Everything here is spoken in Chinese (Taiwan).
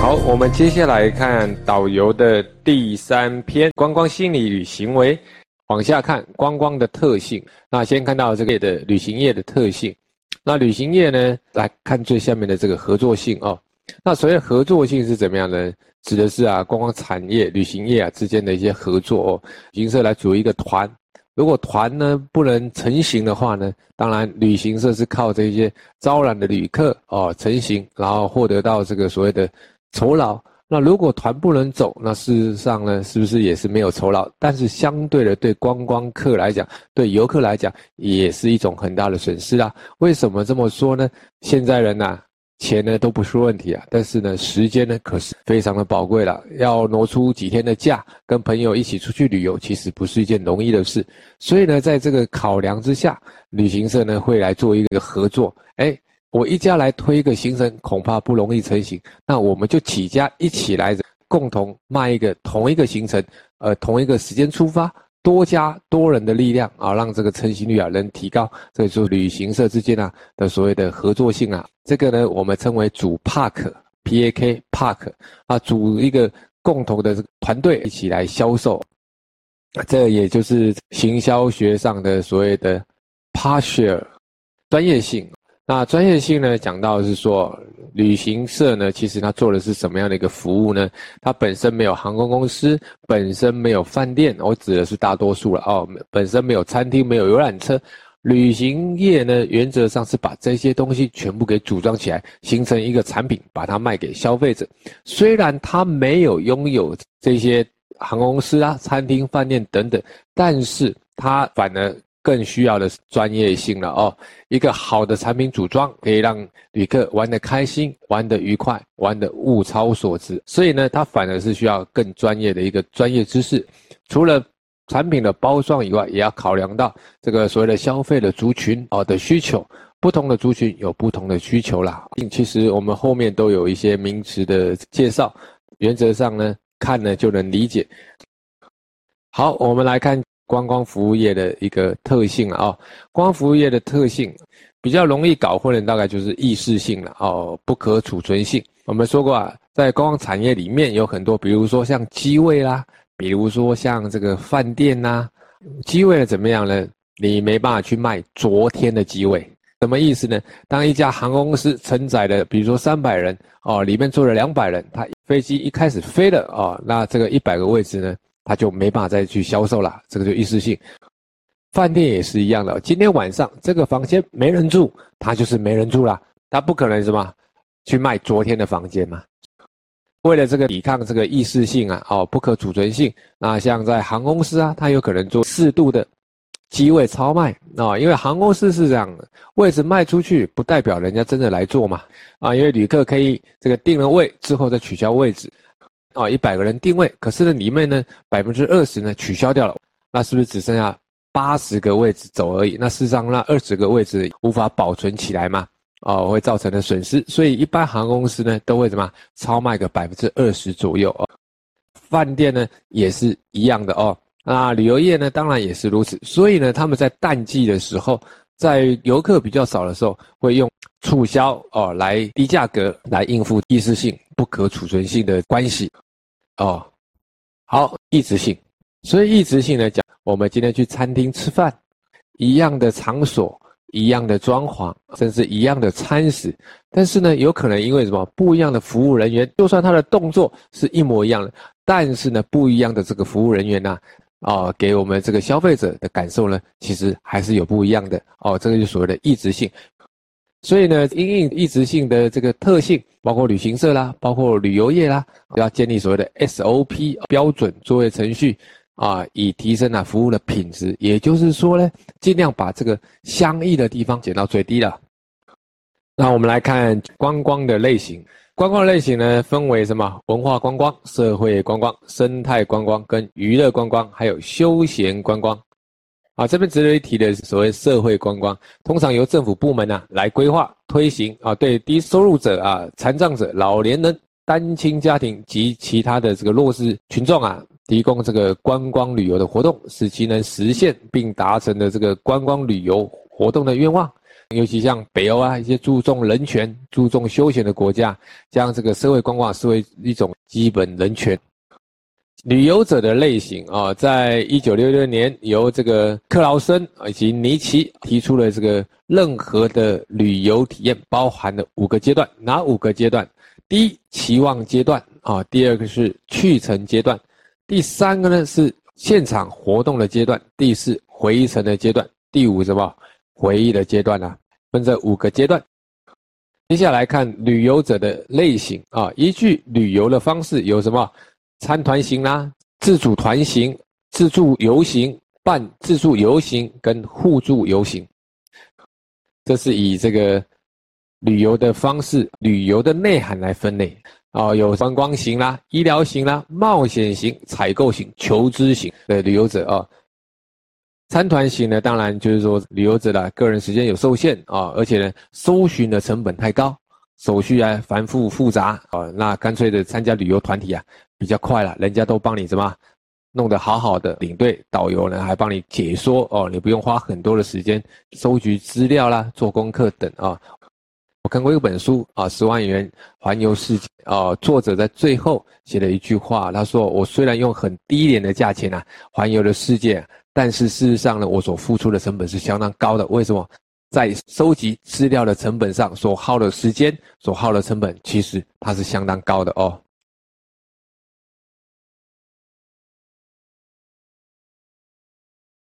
好，我們接下來看導遊的第三篇《觀光心理與行為》，往下看觀光的特性。那先看到這個的旅行業的特性。那旅行業呢，來看最下面的這個合作性哦。那所謂合作性是怎麼樣呢？指的是啊，觀光產業、旅行業啊之間的一些合作哦。旅行社來組一個團，如果團呢不能成行的話呢，當然旅行社是靠這些招攬的旅客哦成行，然後獲得到這個所謂的。酬勞，那如果團不能走，那事實上呢，是不是也是沒有酬勞？但是相對的，對觀光客來講，對遊客來講，也是一種很大的損失啊。為什麼這麼說呢？現在人吶、啊，錢呢都不是問題啊，但是呢，時間呢可是非常的寶貴了。要挪出幾天的假，跟朋友一起出去旅遊，其實不是一件容易的事。所以呢，在這個考量之下，旅行社呢會來做一個合作，誒。我一家來推一個行程，恐怕不容易成型。那我們就幾家一起來，共同賣一個同一個行程，呃，同一個時間出發，多家多人的力量啊，讓這個成行率啊能提高。所以說，旅行社之間啊的所謂的合作性啊，這個呢，我們稱為組 PAK，P-A-K，PAK 啊，組一個共同的這個團隊一起來銷售，啊，這也就是行銷學上的所謂的 p a r h i e r 專業性。那專業性呢，講到的是說，旅行社呢，其實它做的是什麼樣的一個服務呢？它本身沒有航空公司，本身沒有飯店，我指的是大多數了哦，本身沒有餐廳、沒有遊覽車。旅行業呢，原則上是把這些東西全部給組裝起來，形成一個產品，把它賣給消費者。雖然它沒有擁有這些航空公司啊、餐廳、飯店等等，但是它反而。更需要的是專業性了哦。一個好的產品組裝可以讓旅客玩得開心、玩得愉快、玩得物超所值，所以呢，它反而是需要更專業的一個專業知識。除了產品的包裝以外，也要考量到這個所謂的消費的族群哦的需求。不同的族群有不同的需求啦。其實我們後面都有一些名詞的介紹，原則上呢，看了就能理解。好，我們來看。觀光服務業的一個特性了啊、哦，觀光服務業的特性比較容易搞混的大概就是易逝性了、啊、哦，不可儲存性。我們說過啊，在觀光產業裡面有很多，比如說像機位啦、啊，比如說像這個飯店吶、啊，機位怎麼樣呢？你沒辦法去賣昨天的機位，什麼意思呢？當一家航空公司承載了，比如說三百人哦，裡面坐了兩百人，它飛機一開始飛了哦，那這個一百個位置呢？他就沒辦法再去銷售了，這個就易逝性。飯店也是一樣的，今天晚上這個房間沒人住，他就是沒人住了，他不可能什麼去賣昨天的房間嘛。為了這個抵抗這個易逝性啊，哦，不可儲存性。那像在航空公司啊，他有可能做適度的機位超賣啊，哦，因為航空公司是這樣的，位置賣出去不代表人家真的來坐嘛啊，因為旅客可以這個定了位之後再取消位置。哦，一百個人定位，可是呢，裡面呢百分之二十呢取消掉了，那是不是只剩下八十個位置走而已？那事實上，那二十個位置無法保存起來嘛？哦，會造成的損失。所以一般航空公司呢都會怎麼超賣個百分之二十左右哦。飯店呢也是一樣的哦。那旅遊業呢當然也是如此。所以呢，他們在淡季的時候，在遊客比較少的時候，會用。促銷哦，來低價格來應付異質性、不可儲存性的關係哦。好，異質性。所以異質性來講，我們今天去餐廳吃飯，一樣的場所、一樣的裝潢，甚至一樣的餐食，但是呢，有可能因為什麼不一樣的服務人員，就算他的動作是一模一樣的，但是呢，不一樣的這個服務人員呢，哦，給我們這個消費者的感受呢，其實還是有不一樣的哦。這個就所謂的異質性。所以呢，因應異質性的這個特性，包括旅行社啦，包括旅遊業啦，都要建立所謂的 SOP 標準作業程序，啊，以提升啊服務的品質。也就是說呢，盡量把這個相異的地方減到最低了。那我們來看觀光的類型，觀光的類型呢，分為什麼？文化觀光、社會觀光、生態觀光跟娛樂觀光，還有休閒觀光。啊，這邊值得一提的是所謂社會觀光，通常由政府部門啊來規劃推行啊，對低收入者啊、殘障者、老年人、單親家庭及其他的這個弱勢群眾啊，提供這個觀光旅遊的活動，使其能實現並達成的這個觀光旅遊活動的願望。尤其像北歐啊一些注重人權、注重休閒的國家，將這個社會觀光視為一種基本人權。旅遊者的類型啊，在一九六六年由這個克勞森以及尼奇提出了這個任何的旅遊體驗包含了五個階段，哪五個階段？第一期望階段啊，第二個是去程階段，第三個呢是現場活動的階段，第四回程的階段，第五什麼回憶的階段呢、啊？分這五個階段。接下來看旅遊者的類型啊，依據旅遊的方式有什麼？參團型啦，自主團型，自助遊型、半自助遊型跟互助遊型，這是以這個旅遊的方式、旅遊的內涵來分類。啊、哦，有觀光型啦、醫療型啦、冒險型、採購型、求知型的旅遊者啊、哦。參團型呢，當然就是說旅遊者的個人時間有受限啊、哦，而且呢，搜尋的成本太高。手續啊，繁複複雜啊、哦，那乾脆的參加旅遊團體啊，比較快了，人家都幫你什麼，弄得好好的，領隊、導遊呢還幫你解說哦，你不用花很多的時間收集資料啦、做功課等啊、哦。我看過一本書啊，哦《十萬元環遊世界》啊、哦，作者在最後寫了一句話，他說：“我雖然用很低廉的價錢啊環遊了世界，但是事實上呢，我所付出的成本是相當高的。為什麼？”在收集資料的成本上，所耗的時間，所耗的成本，其實它是相當高的哦。